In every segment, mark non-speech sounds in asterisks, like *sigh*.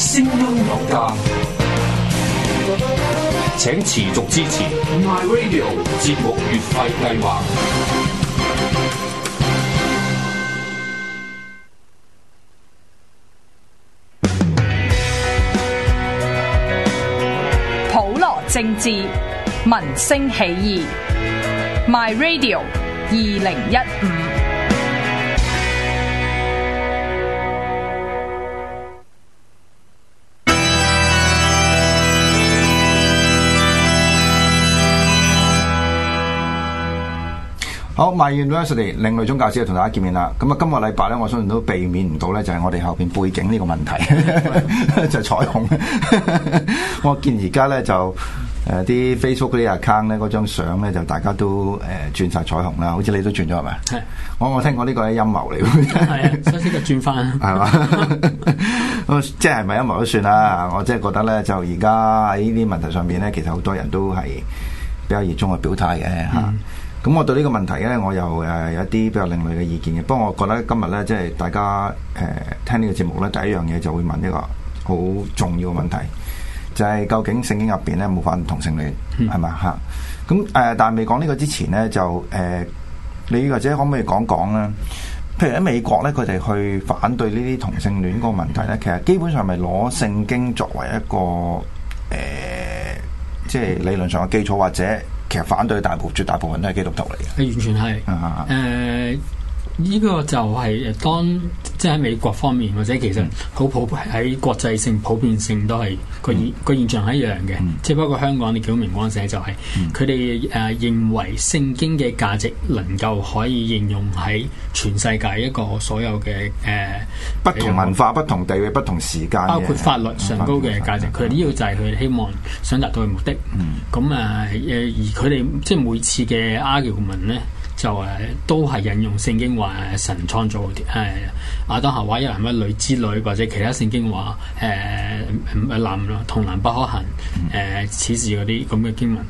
聲音有價，請持續支持 My Radio 節目月費計劃。 *noise* *noise* 普羅政治，民聲起義。My Radio 二零一五。好、oh，My University 另類宗教師啊，同大家見面啦。咁、嗯、啊，今日禮拜咧，我相信都避免唔到咧，就係、是、我哋後邊背景呢個問題， *laughs* *laughs* 就彩虹。 *laughs* 我見而家咧就誒啲、呃、Facebook 嗰啲 account 咧，嗰張相咧就大家都誒、呃、轉晒彩虹啦，好似你都轉咗係咪？我我聽講呢個係陰謀嚟㗎。係啊，所以就轉翻。係嘛？咁即係唔係陰謀都算啦？ *laughs* 我即係覺得咧，就而家喺呢啲問題上面咧，其實好多人都係比較熱衷去表態嘅嚇。嗯。咁我對呢個問題咧，我又誒、呃、有一啲比較另類嘅意見嘅。不過我覺得今日咧，即係大家誒、呃、聽個呢個節目咧，第一樣嘢就會問一個好重要嘅問題，就係、是、究竟聖經入邊咧冇反同性戀係咪吓？咁誒、嗯啊，但係未講呢個之前咧，就誒、呃，你或者可唔可以講講咧？譬如喺美國咧，佢哋去反對呢啲同性戀個問題咧，其實基本上係咪攞聖經作為一個誒、呃，即係理論上嘅基礎或者？其實反對大部絕大部分都係基督徒嚟嘅，係完全係。誒、啊，呢、呃呢個就係當。即係喺美國方面，或者其實好普遍喺國際性普遍性都係個現個現象係一樣嘅。即係不過香港你叫明光社，就係佢哋誒認為聖經嘅價值能夠可以應用喺全世界一個所有嘅誒不同文化、不同地域、不同時間，包括法律上高嘅價值。佢呢個就係佢哋希望想達到嘅目的。咁啊誒，而佢哋即係每次嘅 argument 咧，就誒都係引用聖經話神創造啲誒。亞當夏娃一男一女之類，或者其他聖經話誒、呃、男同男不可行誒、呃、此事嗰啲咁嘅經文，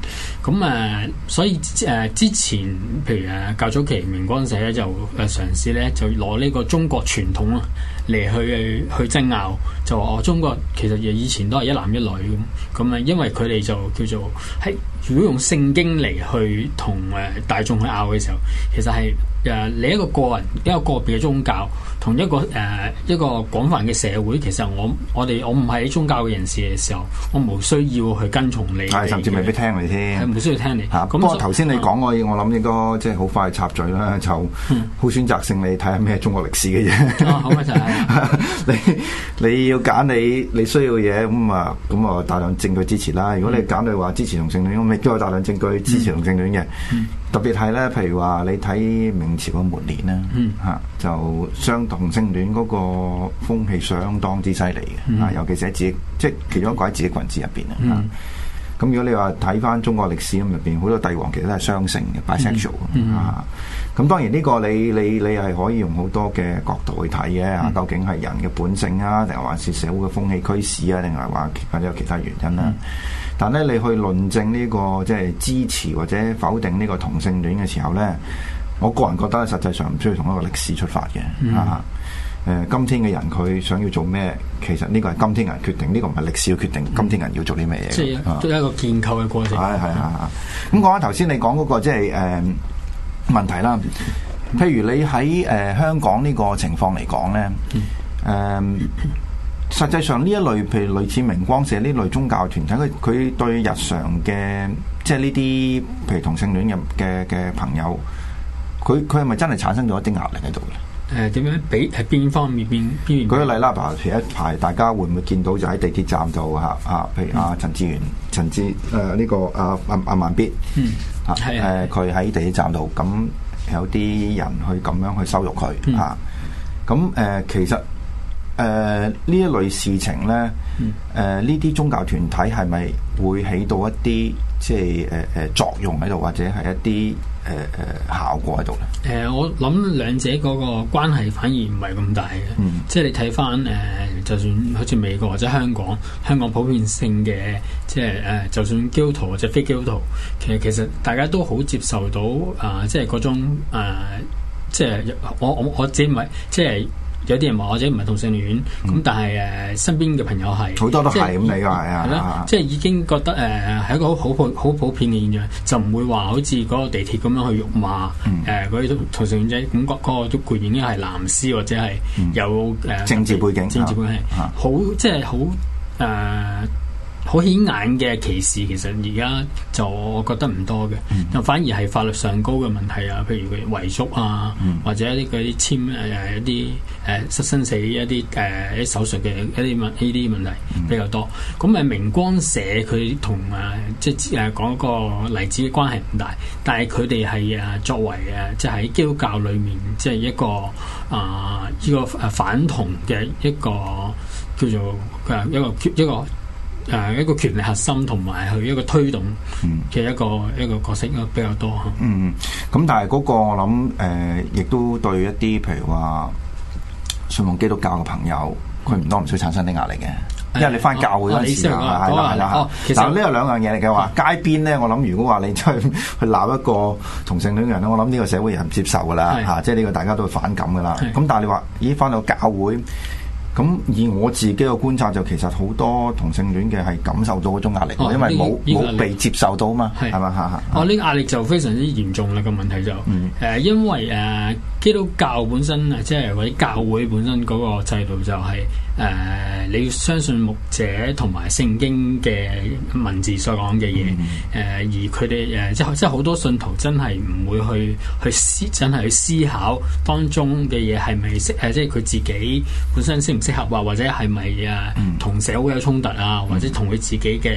咁、嗯、啊、嗯嗯、所以誒、呃、之前譬如誒較早期明光社咧就嘗試咧就攞呢個中國傳統啊嚟去去爭拗，就話我中國其實以前都係一男一女咁咁啊，因為佢哋就叫做係如果用聖經嚟去同誒大眾去拗嘅時候，其實係。誒，你一個個人一個個別嘅宗教，同一個誒、呃、一個廣泛嘅社會，其實我我哋我唔係宗教嘅人士嘅時候，我冇需要去跟從你，甚至未必聽你先。係唔需要聽你吓。咁不過頭先你講我，我諗應該即係好快插嘴啦，就好選擇性你睇下咩中國歷史嘅嘢。好啊，就係你你要揀你你需要嘅嘢，咁啊咁啊大量證據支持啦。如果你揀你話支持同性戀，我咪有大量證據支持同性戀嘅。嗯嗯特別係咧，譬如話你睇明朝嘅末年啦，吓、嗯啊、就相同性戀嗰個風氣相當之犀利嘅，嗯、尤其是喺自己，即係其中一個喺自己群子入邊啊。咁如果你話睇翻中國歷史咁入邊，好多帝王其實都係雙性嘅 bisexual，咁當然呢個你你你係可以用好多嘅角度去睇嘅、啊，究竟係人嘅本性啊，定還是，是社會嘅風氣驅使啊，定係話或者有其他原因啦、啊。嗯但咧，你去論證呢、這個即係支持或者否定呢個同性戀嘅時候咧，我個人覺得實際上唔需要同一個歷史出發嘅。嗯、啊，誒，今天嘅人佢想要做咩？其實呢個係今天人決定，呢、這個唔係歷史要決定。嗯、今天人要做啲咩嘢？即係一個建構嘅過程。係係係。咁講下頭先你講嗰、那個即係誒問題啦。譬如你喺誒、呃、香港呢個情況嚟講咧，呃、嗯。嗯實際上呢一類，譬如類似明光社呢類宗教團體，佢佢對日常嘅即係呢啲譬如同性戀嘅嘅嘅朋友，佢佢係咪真係產生咗一啲壓力喺度咧？誒點、呃、樣？畀喺邊方面邊邊？舉個例啦，譬如一排大家會唔會見到就喺地鐵站度嚇、嗯呃這個、啊？譬如阿陳志全、陳志誒呢個啊、嗯、是的 啊啊慢必嗯啊係佢喺地鐵站度，咁有啲人去咁樣咁樣去羞辱佢嚇，咁誒、啊嗯呃、其實。誒呢、呃、一類事情咧，誒呢啲宗教團體係咪會起到一啲即係誒誒作用喺度，或者係一啲誒誒效果喺度咧？誒、呃，我諗兩者嗰個關係反而唔係咁大嘅，嗯、即係你睇返誒，就算好似美國或者香港，香港普遍性嘅，即係誒、呃，就算基督徒或者非基督徒，其實其實大家都好接受到啊、呃，即係嗰種、呃、即係我我我自己唔係即係。有啲人話或者唔係同性戀，咁、嗯、但係誒、呃、身邊嘅朋友係好多都係咁，是你又係啊，即係已經覺得誒係、呃、一個好好普好普遍嘅現象，就唔會話好似嗰個地鐵咁樣去辱罵誒啲、嗯呃那個、同性戀仔，感覺嗰個都固然已經係藍絲或者係有誒、呃、政治背景、政治背景，好即係好誒。好顯眼嘅歧視，其實而家就我覺得唔多嘅，就、mm hmm. 反而係法律上高嘅問題啊，譬如佢遺囑啊，mm hmm. 或者一啲啲簽誒、呃、一啲誒生生死一啲誒啲手術嘅一啲問呢啲問題比較多。咁啊、mm，hmm. 明光社佢同啊即係誒講個例子嘅關係唔大，但係佢哋係啊作為啊即係基督教裏面即係、就是、一個啊呢、呃、個誒反同嘅一,一個叫做嘅一個一個。一個一個一個一個誒，一個權力核心同埋佢一個推動嘅一個一個角色咯，比較多嗯，咁但係嗰個我諗誒，亦、呃、都對一啲譬如話信奉基督教嘅朋友，佢唔、嗯、多唔少產生啲壓力嘅。嗯、因為你翻教會嗰陣時啊，係啦係啦。其實呢個兩樣嘢嚟嘅話，是的 街邊咧，我諗如果話你出去去鬧一個同性戀嘅人咧，我諗呢個社會係唔接受噶啦吓，即係呢個大家都會反感噶啦。咁但係你話，咦，翻到教會？咁以我自己嘅觀察就，就其實好多同性戀嘅係感受到嗰種壓力，哦、因為冇冇被接受到嘛，係嘛嚇嚇。的的哦，呢、呢個壓力就非常之嚴重啦，個問題就，誒、嗯啊，因為誒、啊、基督教本身啊，即係或者教會本身嗰個制度就係、係。誒、啊，你要相信牧者同埋聖經嘅文字所講嘅嘢，誒、嗯啊，而佢哋誒，即係即係好多信徒真係唔會去去思，真係去思考當中嘅嘢係咪適，誒、啊，即係佢自己本身適唔適合，啊，或者係咪啊，同社會有衝突啊，或者同佢自己嘅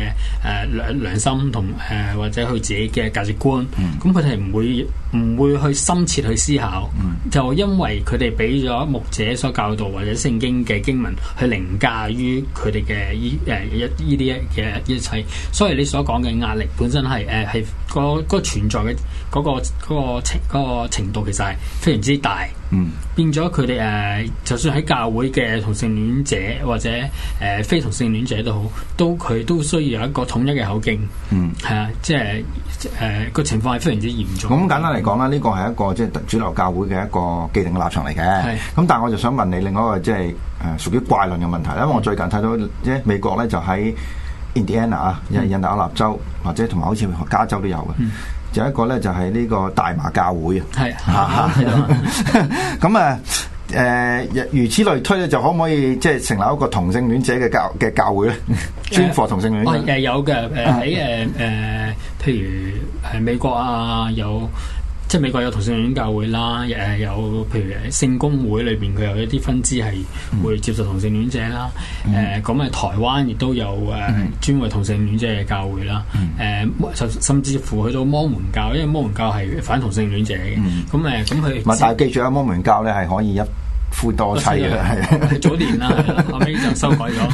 誒良良心同誒或者佢自己嘅價值觀，咁佢哋唔會唔會去深切去思考，就、嗯嗯、因為佢哋俾咗牧者所教導或者聖經嘅經文，經文。去凌駕於佢哋嘅依誒一依啲嘅一切，所以你所講嘅壓力本身係誒係嗰嗰存在嘅嗰個嗰個程嗰個程度其實係非常之大。嗯，變咗佢哋誒，就算喺教會嘅同性戀者或者誒、呃、非同性戀者都好，都佢都需要有一個統一嘅口徑。嗯，係啊，即係誒個情況係非常之嚴重，嗯。咁簡單嚟講啦，呢個係一個即係主流教會嘅一個既定嘅立場嚟嘅。係是。咁但係我就想問你另外一個即係誒、呃、屬於怪論嘅問題，因為我最近睇到、嗯、即係美國咧就喺 Indiana 啊、嗯，印印第安納州或者同埋好似加州都有嘅。嗯。仲有一個咧，就係呢個大麻教會是啊。係是啊，咁是啊，誒，如此類推咧，就可唔可以即係成立一個同性戀者嘅教嘅教會咧？呃、專科同性戀者、啊啊、有嘅誒喺誒誒，譬如喺美國啊有。即係美國有同性戀，戀教會啦，誒、呃、有譬如聖公會裏邊佢有一啲分支係會接受同性戀者啦，誒咁誒台灣亦都有誒、呃、專為同性戀者嘅教會啦，誒、呃、甚甚至乎去到摩門教，因為摩門教係反同性戀者嘅，咁誒咁佢，嗯、但係記住啊，摩門教咧係可以一夫多妻啊，係 *laughs* 早年啦， *laughs* 後屘就修改咗。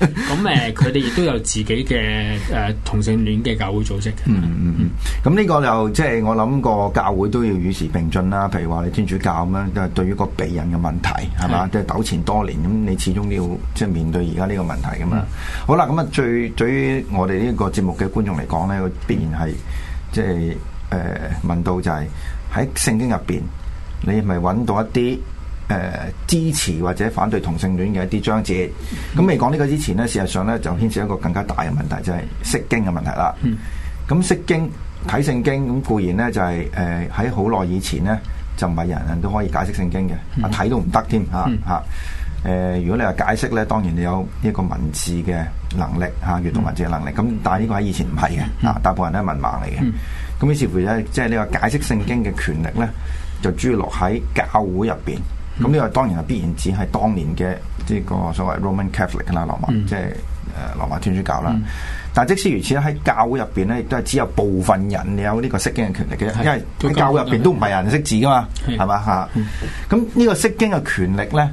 咁誒， *laughs* 佢哋亦都有自己嘅誒、呃、同性戀嘅教會組織嗯。嗯嗯嗯。咁呢個就，即係我諗個教會都要與時並進啦。譬如話你天主教咁樣，即、就、係、是、對於個避孕嘅問題係嘛，即係糾纏多年，咁你始終要即係、就是、面對而家呢個問題噶嘛。嗯、好啦，咁啊最最對於我哋呢個節目嘅觀眾嚟講咧，必然係即係誒問到就係喺聖經入邊，你係咪揾到一啲？誒支持或者反對同性戀嘅一啲章節，咁未講呢個之前呢，事實上呢，就牽涉一個更加大嘅問題，就係釋經嘅問題啦。咁釋經睇聖經咁固然呢，就係誒喺好耐以前呢，就唔係人人都可以解釋聖經嘅，睇都唔得添嚇嚇。誒如果你話解釋呢，當然你有呢個文字嘅能力嚇，閱讀文字嘅能力。咁但係呢個喺以前唔係嘅，啊大部分人都係文盲嚟嘅。咁於是乎咧，即係你話解釋聖經嘅權力呢，就主要落喺教會入邊。咁呢個當然係必然指係當年嘅即係個所謂 Roman Catholic 啦、嗯，羅馬即係誒羅馬天主教啦。嗯、但即使如此喺教會入邊咧，亦都係只有部分人有呢個釋經嘅權力嘅，嗯、因為喺教會入邊都唔係人，人識字噶嘛，係嘛嚇？咁呢個釋經嘅權力咧，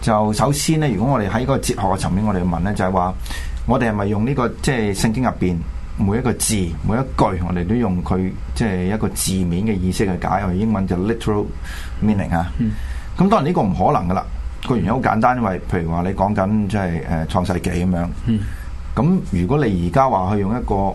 就首先咧，如果我哋喺個哲學嘅層面，我哋問咧，就係、是、話我哋係咪用呢、這個即係、就是、聖經入邊每一個字每一句，我哋都用佢即係一個字面嘅意思去解？用英文就 literal meaning 啊、嗯。嗯咁當然呢個唔可能噶啦，個原因好簡單，因為譬如話你講緊即係誒創世記咁樣，咁、嗯、如果你而家話去用一個誒、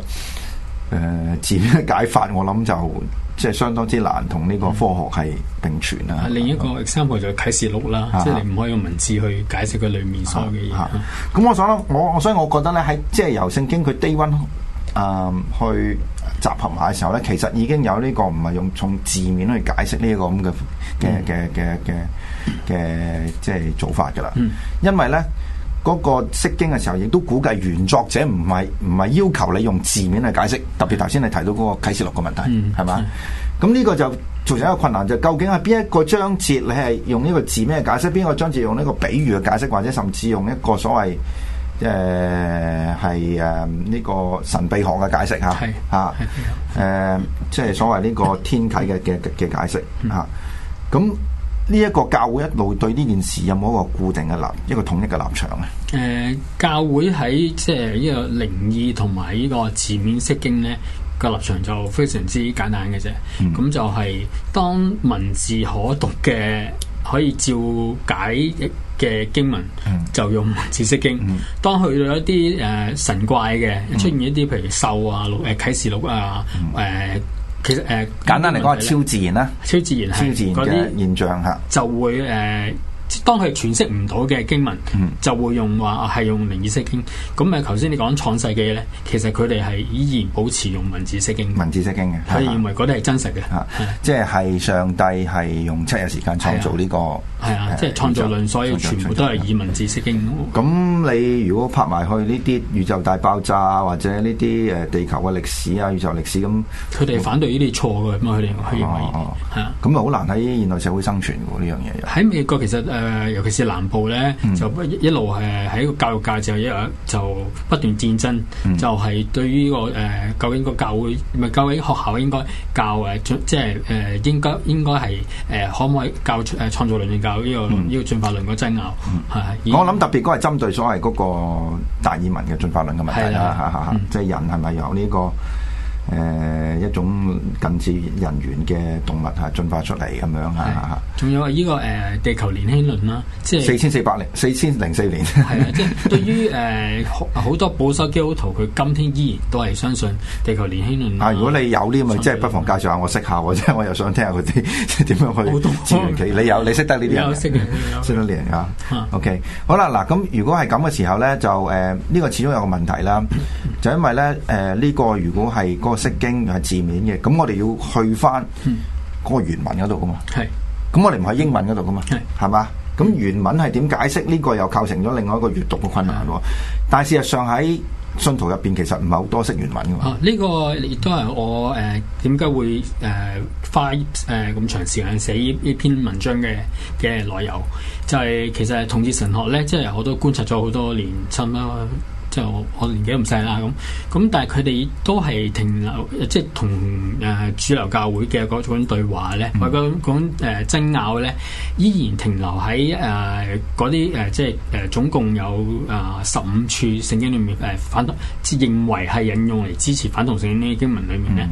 呃、字面嘅解法，我諗就即係相當之難同呢個科學系並存啦。另一個 example 就啟示錄啦，啊、哈 即係你唔可以用文字去解釋佢裏面所有嘅嘢。咁、啊哈 啊、我想，我所以我覺得咧，喺即係由聖經佢低温誒去集合埋嘅時候咧，其實已經有呢、這個唔係用從字面去解釋呢一個咁嘅。嘅嘅嘅嘅嘅即係做法噶啦，因為咧嗰個釋經嘅時候，亦都估計原作者唔係唔係要求你用字面去解釋，特別頭先你提到嗰個啟示錄嘅問題，係嘛？咁呢個就造成一個困難，就究竟係邊一個章節你係用呢個字面嚟解釋，邊個章節用呢個比喻嘅解釋，或者甚至用一個所謂誒係誒呢個神秘學嘅解釋嚇嚇誒，即係所謂呢個天啟嘅嘅嘅解釋嚇。咁呢一個教會一路對呢件事有冇一個固定嘅立一個統一嘅立場咧？誒、呃，教會喺即係呢個靈意同埋呢個字面釋經咧嘅立場就非常之簡單嘅啫。咁、嗯、就係當文字可讀嘅可以照解嘅經文，嗯、就用文字釋經。嗯、當去到一啲誒、呃、神怪嘅出現一啲，譬如獸啊、啟、呃、示錄啊，誒、呃。嗯其實誒、呃、簡單嚟講係超自然啦、啊，超自然係嗰啲現象嚇，就會誒。呃當佢詮釋唔到嘅經文，就會用話係用靈意釋經。咁咪頭先你講創世嘅嘢咧，其實佢哋係依然保持用文字釋經。文字釋經嘅，佢認為嗰啲係真實嘅。即係上帝係用七日時間創造呢個。係啊，即係創造論，所以全部都係以文字釋經。咁你如果拍埋去呢啲宇宙大爆炸啊，或者呢啲誒地球嘅歷史啊、宇宙歷史咁，佢哋反對呢啲錯嘅嘛？佢哋佢認為吓，咁啊好難喺現代社會生存喎呢樣嘢。喺美國其實。誒，尤其是南部咧，就一,一路誒喺個教育界就一樣，就不斷戰爭，嗯、就係對於呢、這個誒究竟個教會唔係究竟學校應該教誒，即係誒應該應該係誒可唔可以教誒創造論定教呢、這個呢、嗯、個進化論個爭拗？嗯，係、嗯、我諗特別都係針對所謂嗰個達爾文嘅進化論嘅問題啦，嚇嚇即係人係咪有呢、這個？誒、呃、一種近似人猿嘅動物嚇、啊、進化出嚟咁樣嚇，仲有是啊！依個誒、呃、地球年輕論啦，即係四千四百零四千零四年，係啊！即、就、係、是、對於誒好、呃、多保守基督徒，佢今天依然都係相信地球年輕論啊！如果你有呢，咪想即係不妨介紹下我識下，即係我又想聽下佢啲即係點樣去。好多、啊你，你有你識得呢啲人，識得呢啲人 OK 好啦嗱，咁如果係咁嘅時候咧，就誒呢、呃這個始終有個問題啦。嗯 *music* 就因為咧，誒，呢個如果係嗰個釋經係字面嘅，咁我哋要去翻嗰個原文嗰度噶嘛。係是，咁我哋唔係英文嗰度噶嘛，係嘛是？咁原文係點解釋呢、這個？又構成咗另外一個閱讀嘅困難、啊。是但係事實上喺信徒入邊，其實唔係好多識原文噶嘛。呢、啊這個亦都係我誒，點、呃、解會誒花誒咁長時間寫呢篇文章嘅嘅內容？就係、是、其實係同志神學咧，即係好多觀察咗好多年，差唔就我年紀唔細啦咁，咁但係佢哋都係停留，即係同誒主流教會嘅嗰種對話咧，嗯、或者講誒、呃、爭拗咧，依然停留喺誒啲誒即係誒總共有誒十五處聖經裏面誒、呃、反同，認為係引用嚟支持反同性戀經，經文裏面咧，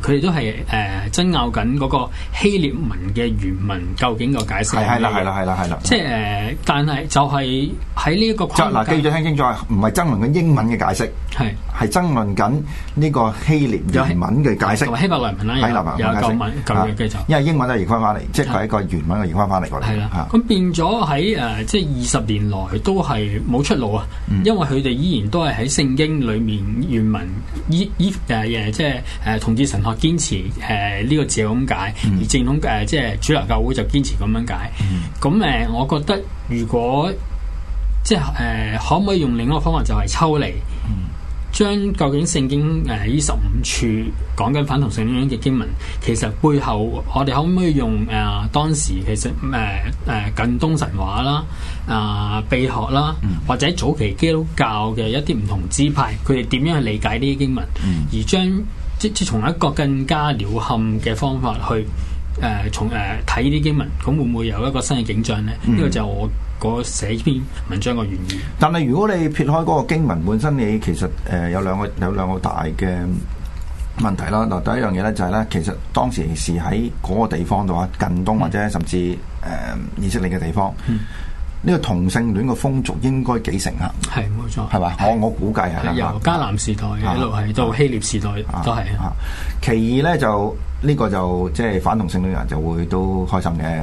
誒佢哋都係誒、呃、爭拗緊個希臘文嘅原文究竟個解釋係啦係啦係啦係啦，即係誒但係就係喺呢一個框架嗱，記住聽清楚，唔係爭。論嘅英文嘅解釋係係爭論緊呢個希伯來文嘅解釋，希伯來文啦，希伯來文嘅解釋，因為英文都係譯翻翻嚟，即係係一個原文嘅譯翻翻嚟嘅，係啦。咁變咗喺誒，即係二十年來都係冇出路啊，因為佢哋依然都係喺聖經裏面原文依誒誒，即係誒，同志神學堅持誒呢個字咁解，而正統誒即係主流教會就堅持咁樣解。咁誒，我覺得如果即係誒、呃，可唔可以用另外一個方法就，就係抽離，將究竟聖經誒呢十五處講緊反同性戀嘅經文，其實背後我哋可唔可以用誒、呃、當時其實誒誒、呃呃、近東神話啦、啊、呃、秘學啦，或者早期基督教嘅一啲唔同支派，佢哋點樣去理解呢啲經文，嗯、而將即即從一個更加了冚嘅方法去誒、呃、從誒睇呢啲經文，咁會唔會有一個新嘅景象咧？呢、這個就係我。個寫篇文章嘅原因，但係如果你撇開嗰個經文本身，你其實誒、呃、有兩個有兩個大嘅問題啦。嗱，第一樣嘢咧就係、是、咧，其實當時是喺嗰個地方度啊，近東或者甚至誒、呃、以色列嘅地方，呢、嗯、個同性戀嘅風俗應該幾盛行？係冇錯，係嘛？我我估計係啦，由迦南時代一路係到希臘時代都係、啊啊啊啊。其二咧就。呢個就即係反同性戀人就會都開心嘅，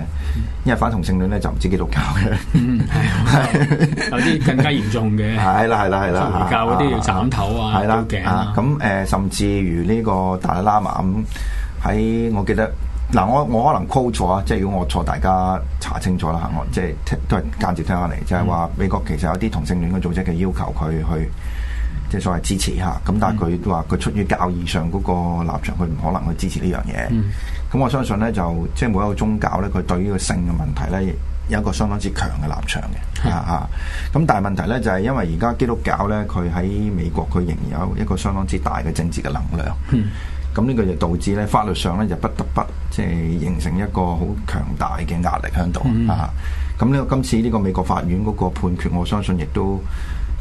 因為反同性戀咧就唔知幾度搞嘅，有啲更加嚴重嘅。係啦， *laughs* 係啦，係啦，回教嗰啲要斬頭啊，割頸啊。咁誒、啊呃，甚至如呢個達賴喇嘛咁，喺我記得嗱、啊，我我可能 quote 錯啊，即係如果我錯，大家查清楚啦。行我、嗯、即係都係間接聽下嚟，就係話美國其實有啲同性戀嘅組織嘅要求佢去。即係所謂支持嚇，咁但係佢都話佢出於教義上嗰個立場，佢唔、嗯、可能去支持呢樣嘢。咁、嗯、我相信呢，就即係每一個宗教呢，佢對於個性嘅問題呢，有一個相當之強嘅立場嘅。嚇咁是、啊、但係問題呢，就係、是、因為而家基督教呢，佢喺美國佢仍然有一個相當之大嘅政治嘅能量。咁呢、嗯、個就導致呢，法律上呢，就不得不即係形成一個好強大嘅壓力喺度。嚇咁呢個今次呢個美國法院嗰個判決，我相信亦都。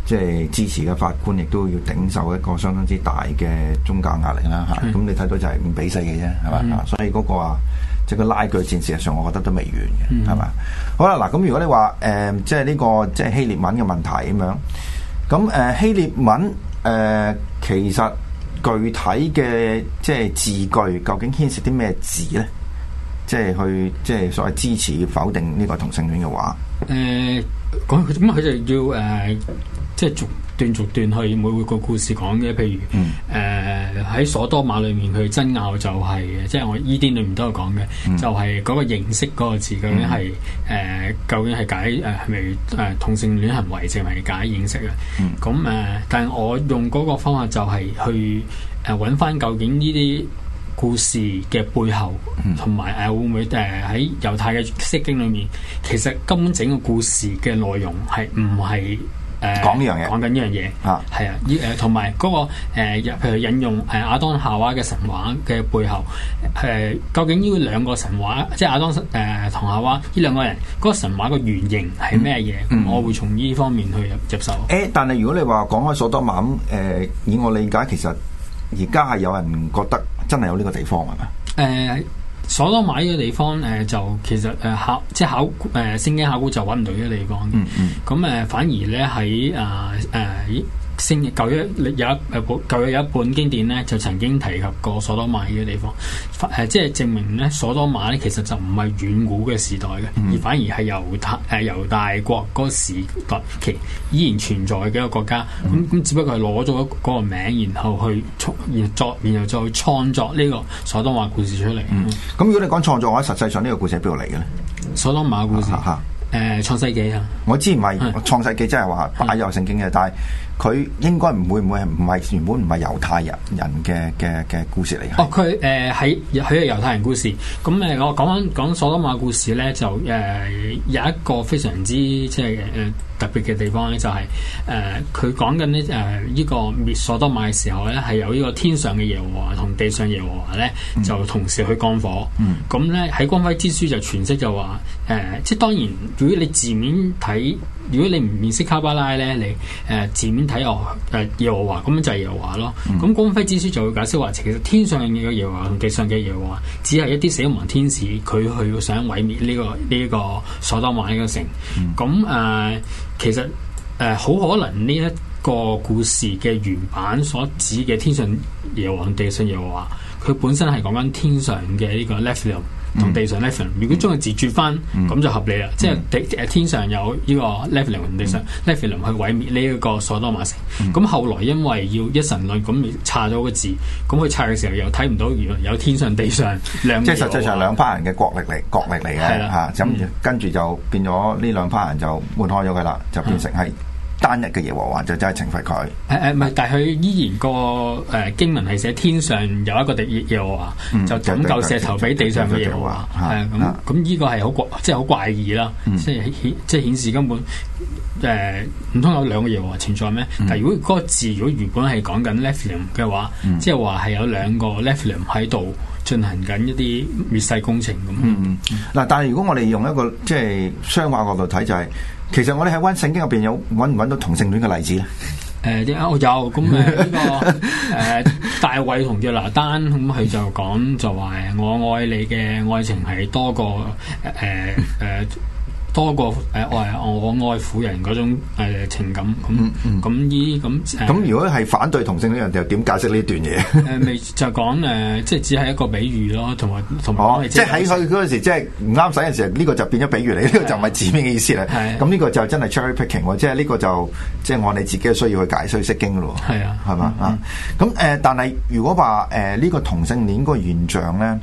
即係支持嘅法官，亦都要頂受一個相當之大嘅宗教壓力啦嚇。咁吧你睇到就係五比四嘅啫，係嘛？吧嗯、所以嗰個啊，整、就是、個拉鋸戰，事實上我覺得都未完嘅，係嘛？好啦，嗱咁如果你話誒，即係呢個即係、就是、希臘文嘅問題咁樣，咁、呃、誒希臘文誒、呃、其實具體嘅即係字句，究竟牽涉啲咩字咧？即、就、係、是、去即係、就是、所謂支持否定呢個同性戀嘅話，誒、呃、講佢點啊？佢就要誒。啊即係逐段逐段去每每個故事講嘅，譬如，誒喺、嗯呃、所多瑪裏面佢爭拗就係、是、即係我依啲裏面都有講嘅，嗯、就係嗰個認識嗰個字究竟係誒、嗯呃、究竟係解誒係咪誒同性戀行為，定係解認識啊？咁誒、嗯嗯嗯，但係、呃、我用嗰個方法就係去誒揾翻究竟呢啲故事嘅背後，同埋誒會唔會誒喺猶太嘅聖經裏面，其實根本整個故事嘅內容係唔係。講呢樣嘢，講緊呢樣嘢，啊，係啊，依誒同埋嗰個誒、呃，譬如引用誒亞當夏娃嘅神話嘅背後，誒、呃、究竟呢兩個神話，即係亞當誒同、呃、夏娃呢兩個人，嗰、那個神話個原型係咩嘢？嗯嗯、我會從呢方面去接受。誒、欸，但係如果你話講開所多瑪，誒、呃，以我理解，其實而家係有人覺得真係有呢個地方係咪？誒。呃所多瑪嘅地方，誒、呃、就其實誒、呃、考即係考誒聖經考古就，就揾唔到呢個地方，嗯，咁、嗯、誒、呃、反而咧喺啊誒。呃呃咦聖舊約有一舊約有一本經典咧，就曾經提及過所多瑪呢個地方，誒，即係證明咧，所多瑪咧其實就唔係遠古嘅時代嘅，而反而係猶太誒猶大國嗰時代期依然存在嘅一個國家。咁咁、mm，只不過係攞咗嗰個名，然後去作，然後再創作呢個所多瑪故事出嚟。咁如果你講創作嘅話，實際上呢個故事係邊度嚟嘅咧？所多瑪故事誒創世記啊！我之前咪創世記，即係話擺入聖經嘅，但係、yeah。佢應該唔會唔會係唔係原本唔係猶太人人嘅嘅嘅故事嚟嘅。哦，佢誒喺喺個猶太人故事，咁誒我講返講所多瑪故事咧，就誒、呃、有一個非常之即係誒特別嘅地方咧，就係誒佢講緊咧誒呢個滅所多瑪嘅時候咧，係有呢個天上嘅耶和華同地上嘅耶和華咧，就同時去降火。咁咧喺《光輝之書》就詮釋就話誒，即係當然如果你字面睇，如果你唔認識卡巴拉咧，你誒字、呃、面。睇我誒耶和華咁樣就係耶和華咯，咁光輝之書就會解釋話，其實天上嘅耶和華同地上嘅耶和華，只係一啲死亡天使，佢去想毀滅呢、這個呢、這個所多瑪呢個城。咁誒、嗯嗯，其實誒好、呃、可能呢一個故事嘅原版所指嘅天上耶和華同地上嘅耶和華，佢本身係講緊天上嘅呢個。同地上 level 如果將個字轉翻，咁、嗯、就合理啦。嗯、即係地誒天上有呢、這個 level，地上 level 去毀滅呢一個所多瑪城。咁、嗯、後來因為要一神論，咁擦咗個字，咁佢拆嘅時候又睇唔到，原來有天上地上兩。即係實際上兩班人嘅國力嚟，國力嚟嘅嚇。咁跟住就變咗呢兩班人就分開咗佢啦，就變成係。啊。單日嘅耶和華就真係懲罰佢。誒誒、嗯，唔、嗯、係，但係佢依然個誒經文係寫天上有一個地耶和華，就拯救石頭俾地上嘅耶和華。係咁咁，依個係好怪，即係好怪異啦。即係、嗯、顯即係顯示根本誒唔通有兩個耶和華存在咩？但係如果嗰個字如果原本係講緊 Nephilim 嘅話，即係話係有兩個 Nephilim 喺度進行緊一啲滅世工程咁。嗱、嗯嗯嗯，但係如果我哋用一個即係雙話角度睇就係、是。其實我哋喺《溫聖經》入邊有揾唔揾到同性戀嘅例子咧？誒、呃，有？咁呢、呃 *laughs* 這個誒、呃，大衛同約拿丹，咁、嗯、佢就講就話我愛你嘅愛情係多過誒誒。呃呃 *laughs* 多過誒，我我愛婦人嗰種誒情感咁，咁依咁咁，如果係反對同性戀人，又點解釋呢段嘢？未就講誒，即係只係一個比喻咯，同埋同埋即係喺佢嗰陣時，即係唔啱使嘅時候，呢個就變咗比喻，你呢個就唔係字面嘅意思啦。係咁呢個就真係 cherry picking 喎，即係呢個就即係按你自己嘅需要去解，需要釋經咯。係啊，係嘛啊？咁誒，但係如果話誒呢個同性戀嗰個現象咧？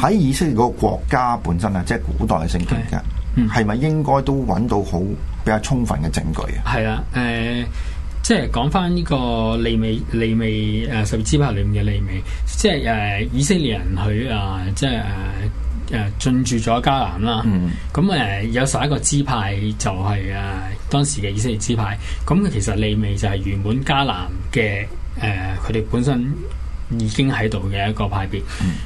喺以色列個國家本身啊，即係古代嘅聖地嘅，係咪、嗯、應該都揾到好比較充分嘅證據，呃、啊？係啊，誒，即係講翻呢個利未，利未，誒十二支派裏面嘅利未，即係誒、啊、以色列人佢啊，即係誒誒進駐咗迦南啦。咁誒、嗯啊、有十一個支派就係、是、誒、啊、當時嘅以色列支派。咁其實利未就係原本迦南嘅誒，佢、啊、哋本身。已經喺度嘅一個派別，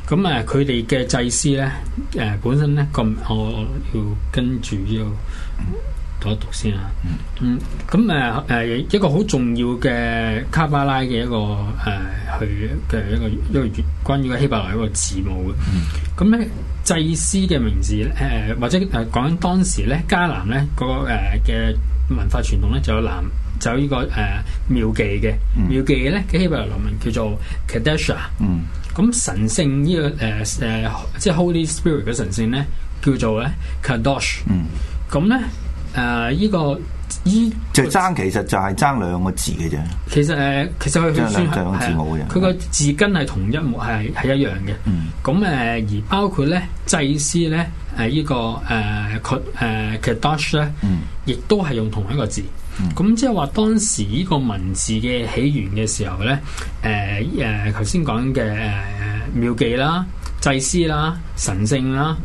咁啊、嗯，佢哋嘅祭司咧，誒、呃，本身咧咁，我要跟住呢度讀一讀先啊。嗯，咁啊，誒、呃，一個好重要嘅卡巴拉嘅一個誒、呃，去嘅一個一個，一個關於希伯來一個字母嘅。咁咧、嗯，嗯、祭司嘅名字，誒、呃，或者誒，講、啊、當時咧，迦南咧，嗰、那個誒嘅。呃文化傳統咧，就有南就有個、呃嗯、呢個誒廟妓嘅廟妓嘅咧，佢希伯來文叫做 Kadisha。嗯，咁神聖呢個誒誒，即係 Holy Spirit 嘅神聖咧，叫做咧 Kadosh、ah, 嗯這個。呃、呢 osh, 嗯呢，咁咧誒依個依就爭其實就係爭兩個字嘅啫、呃。其實誒，其實佢佢算係佢個字根係、啊、同一模係係一樣嘅。咁誒、嗯嗯、而包括咧祭司咧。呢呢誒呢、這個誒佢誒 kaddash 咧、嗯，亦都係用同一個字。咁、嗯、即係話當時呢個文字嘅起源嘅時候咧，誒誒頭先講嘅誒廟妓啦、祭司啦、神聖啦，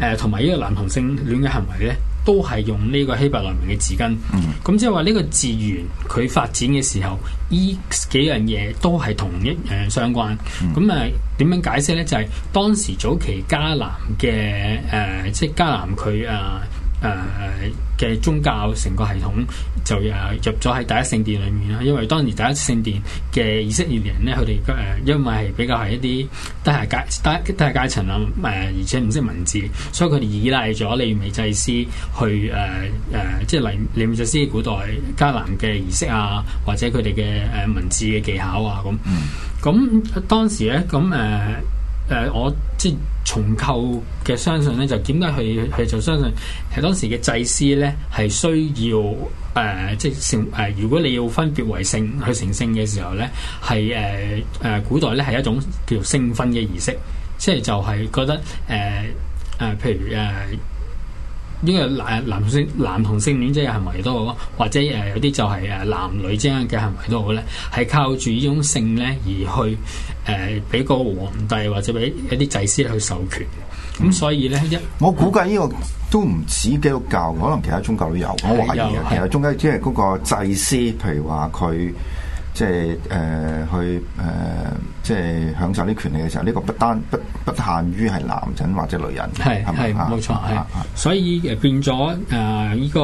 誒同埋呢個男同性戀嘅行為咧。都係用呢個希伯來文嘅字根，咁即係話呢個字源佢發展嘅時候，依幾樣嘢都係同一樣相關。咁啊點樣解釋呢？就係、是、當時早期迦南嘅誒、呃，即係迦南佢啊。呃誒嘅、啊、宗教成個系統就誒、啊、入咗喺第一聖殿裏面啦，因為當時第一聖殿嘅以色列人咧，佢哋誒因為係比較係一啲低下階低低下階層啊，誒、呃、而且唔識文字，所以佢哋依賴咗利未祭司去誒誒、呃呃，即係利利未祭司古代迦南嘅儀式啊，或者佢哋嘅誒文字嘅技巧啊咁。咁、嗯、當時咧咁誒。誒、呃、我即係重構嘅相信咧，就點解佢佢就相信係當時嘅祭司咧，係需要誒、呃、即係成誒、呃，如果你要分別為聖去成聖嘅時候咧，係誒誒古代咧係一種叫做聖婚嘅儀式，即係就係、是、覺得誒誒、呃呃、譬如誒。呃因為誒男同性男同性戀即係行為都好，或者誒、呃、有啲就係誒男女之間嘅行為都好咧，係靠住呢種性咧而去誒俾、呃、個皇帝或者俾一啲祭司去授權。咁、嗯、所以咧一我估計呢個都唔止基督教，嗯、可能其他宗教都有。我懷疑其實中間即係嗰個祭司，譬如話佢。即係誒去誒，即、呃、係、就是、享受啲權利嘅時候，呢、這個不單不不限於係男人或者女人，係係冇錯，係所以變咗誒呢個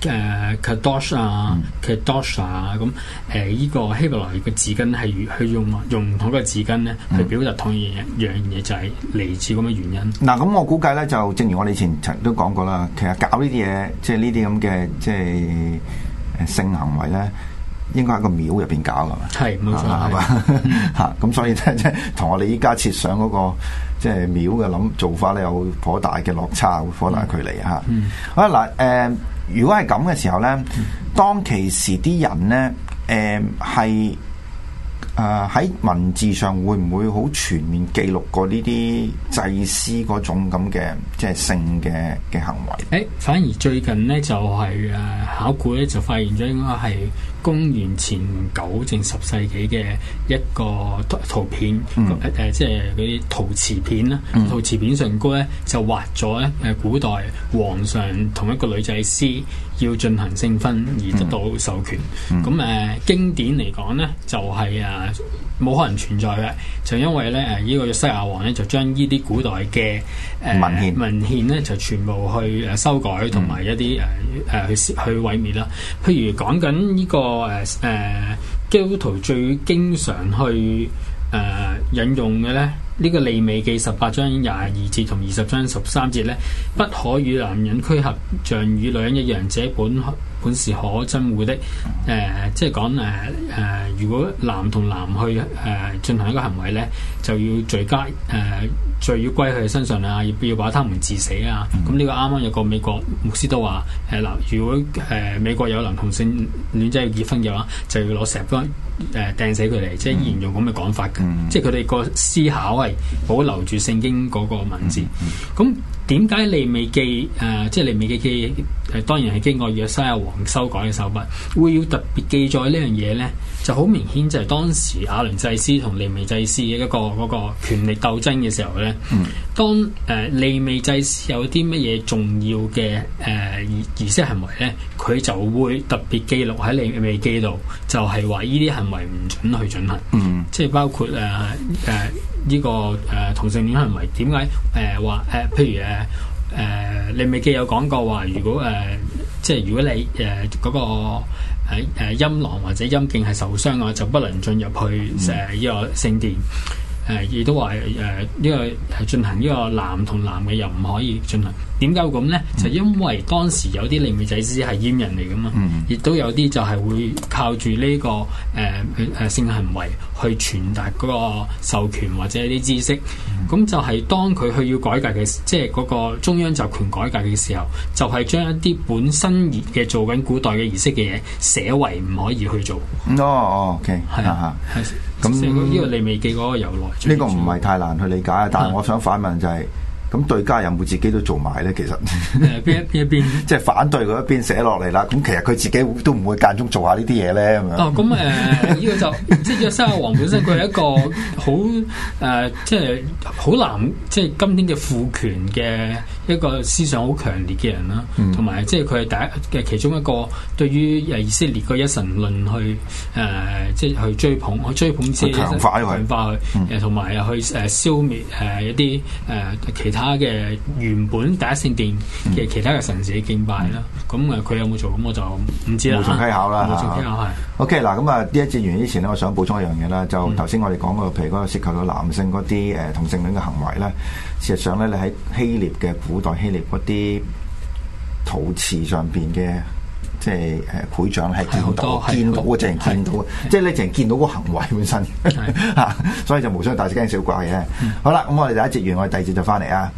誒 kadosha kadosha 咁誒呢個 hebeler 嘅紙巾係用去用用唔同嘅紙巾咧嚟、嗯、表達同一樣嘢，就係嚟自咁嘅原因。嗱咁、嗯嗯、我估計咧，就正如我哋以前都講過啦，其實搞呢啲嘢，即係是呢啲咁嘅即係性行為咧。應該喺個廟入邊搞噶嘛？係冇錯，係嘛？嚇！咁所以咧，即係同我哋依家設想嗰、那個即係、就是、廟嘅諗做法咧，有頗大嘅落差，頗、嗯、大距離嚇。嗯嗯、好啦，嗱誒，如果係咁嘅時候咧，嗯、當其時啲人咧誒係誒喺文字上會唔會好全面記錄過呢啲祭司嗰種咁嘅即係性嘅嘅行為？誒、欸，反而最近咧就係、是、誒考古咧就發現咗應該係。公元前九正十世紀嘅一個圖片，誒、嗯、即係嗰啲陶瓷片啦，陶瓷、嗯、片上高咧就畫咗咧誒古代皇上同一個女祭司要進行聖婚而得到授權。咁誒、嗯嗯、經典嚟講咧就係、是、啊。冇可能存在嘅，就因為咧誒呢、這個約西亞王咧就將呢啲古代嘅誒、呃、文獻文獻咧就全部去誒修改同埋一啲誒誒去去毀滅啦。譬如講緊呢個誒誒、呃、基督徒最經常去誒、呃、引用嘅咧，呢、這個利未記十八章廿二節同二十章十三節咧，不可與男人苟合，像與女人一樣，這本，本是可憎惡的，誒、呃，即係講誒誒，如果男同男去誒、呃、進行一個行為咧，就要罪加誒罪要歸佢身上啦，要要把他們致死啊。咁呢、嗯、個啱啱有個美國牧師都話：誒、呃、嗱，如果誒、呃、美國有男同性戀仔要結婚嘅話，就要攞石塊掟死佢哋，嗯、即係沿用咁嘅講法嘅，嗯嗯、即係佢哋個思考係保留住聖經嗰個文字，咁。嗯嗯嗯點解利未記誒、呃，即係利未記記誒、呃，當然係經過約西亞王修改嘅手筆，會要特別記載呢樣嘢咧，就好明顯就係當時亞倫祭司同利未祭司嘅一個嗰、嗰個權力鬥爭嘅時候咧。嗯。當誒、呃、利未祭司有啲乜嘢重要嘅誒儀儀式行為咧，佢就會特別記錄喺利未記度，就係話呢啲行為唔準去進行。嗯。即係包括誒誒。呃呃呢、這個誒、呃、同性戀行為點解誒話誒？譬、呃呃、如誒誒，你未記有講過話，如果誒即係如果你誒嗰、呃那個喺誒陰囊或者陰莖係受傷啊，就不能進入去誒呢、呃這個聖殿。誒、呃、亦都話誒呢個係進行呢、這個男同男嘅又唔可以進行。點解會咁咧？就因為當時有啲利未祭司係閹人嚟噶嘛，亦、mm hmm. 都有啲就係會靠住呢、這個誒誒、呃、性行為去傳達嗰個授權或者啲知識。咁、mm hmm. 就係當佢去要改革嘅，即係嗰個中央集權改革嘅時候，就係、是、將一啲本身嘅做緊古代嘅儀式嘅嘢寫為唔可以去做。哦哦、oh，OK，係係咁，因為利未記嗰個由來，呢個唔係太難去理解。但係我想反問，啊、是問就係、是。咁對家有冇自己都做埋咧？其實邊一邊即係反對佢一邊寫落嚟啦。咁其實佢自己都唔會間中做下呢啲嘢咧，咁啊。哦，咁誒呢個就即係約西亞王本身，佢係一個好誒、呃，即係好難，即係今天嘅父權嘅一個思想好強烈嘅人啦。同埋、嗯、即係佢係第一嘅其中一個，對於以色列嘅一神論去誒、呃，即係去追捧，去追捧自己。強化佢，強化佢同埋、嗯、去誒消滅誒一啲誒、呃、其他。嘅原本第一聖殿嘅其他嘅神社敬拜啦，咁啊，佢有冇做咁我就唔知啦。無從稽考啦。無從稽考係。啊、是 OK 嗱，咁啊呢一節完之前咧，我想補充一樣嘢啦，就頭先我哋講過，譬如嗰個涉及到男性嗰啲誒同性戀嘅行為咧，事實上咧你喺希臘嘅古代希臘嗰啲陶瓷上邊嘅。即係誒會長係見到，的見到啊！淨係見到啊！即係你淨係見到個行為本身嚇，的 *laughs* 所以就無傷大忌，驚小怪嘅。的好啦，咁我哋第一節完，我哋第二節就翻嚟啊。